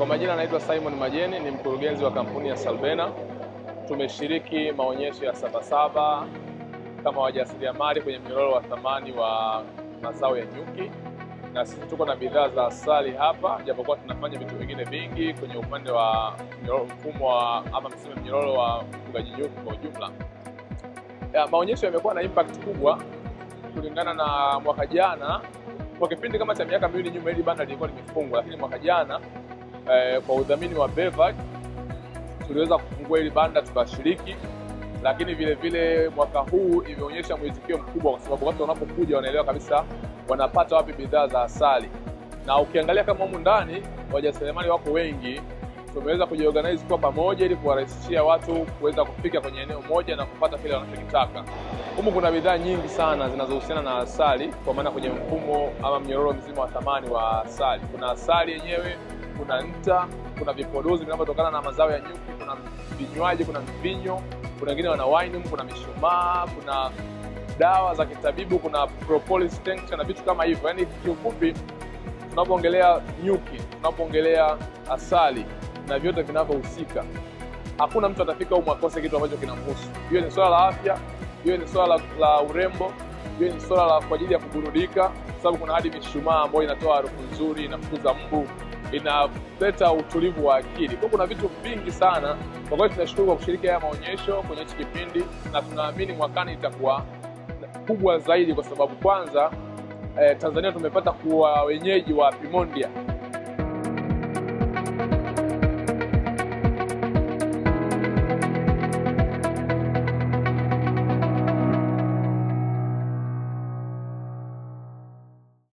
Kwa majina anaitwa Simon Majeni, ni mkurugenzi wa kampuni ya Salbena. Tumeshiriki maonyesho ya Sabasaba kama wajasiriamali kwenye mnyororo wa thamani wa mazao ya nyuki, na sisi tuko na bidhaa za asali hapa, japokuwa tunafanya vitu vingine vingi kwenye upande wa mfumo wa ama mseme mnyororo wa ufugaji nyuki kwa ujumla. Ya, maonyesho yamekuwa na impact kubwa kulingana na mwaka jana. Kwa kipindi kama cha miaka miwili nyuma, hili banda lilikuwa limefungwa, lakini mwaka jana eh, kwa udhamini wa BEVAC tuliweza kufungua hili banda tukashiriki, lakini vile vile mwaka huu imeonyesha mwitikio mkubwa, kwa sababu watu wanapokuja wanaelewa kabisa wanapata wapi bidhaa za asali, na ukiangalia kama humu ndani wajasiriamali wako wengi tumeweza kujiorganize kwa pamoja ili kuwarahisishia watu kuweza kufika kwenye eneo moja na kupata kile wanachokitaka. Humu kuna bidhaa nyingi sana zinazohusiana na asali, kwa maana kwenye mfumo ama mnyororo mzima wa thamani wa asali, kuna asali yenyewe kuna nta, kuna vipodozi vinavyotokana na mazao ya nyuki, kuna vinywaji, kuna mvinyo, kuna wengine wana wine, kuna mishumaa, kuna dawa za kitabibu, kuna propolis tincture na vitu kama hivyo. Yaani kiufupi, tunapoongelea nyuki, tunapoongelea asali na vyote vinavyohusika, hakuna mtu atafika huko akose kitu ambacho kinamhusu. Hiyo ni swala la afya, hiyo ni swala la, urembo hiyo ni swala la kwa ajili ya kuburudika, kwa sababu kuna hadi mishumaa ambayo inatoa harufu nzuri, inafukuza mbu inaleta utulivu wa akili. Kwa kuna vitu vingi sana kwa kweli, tunashukuru kwa kushiriki haya maonyesho kwenye hichi kipindi, na tunaamini mwakani itakuwa kubwa zaidi, kwa sababu kwanza eh, Tanzania tumepata kuwa wenyeji wa pimondia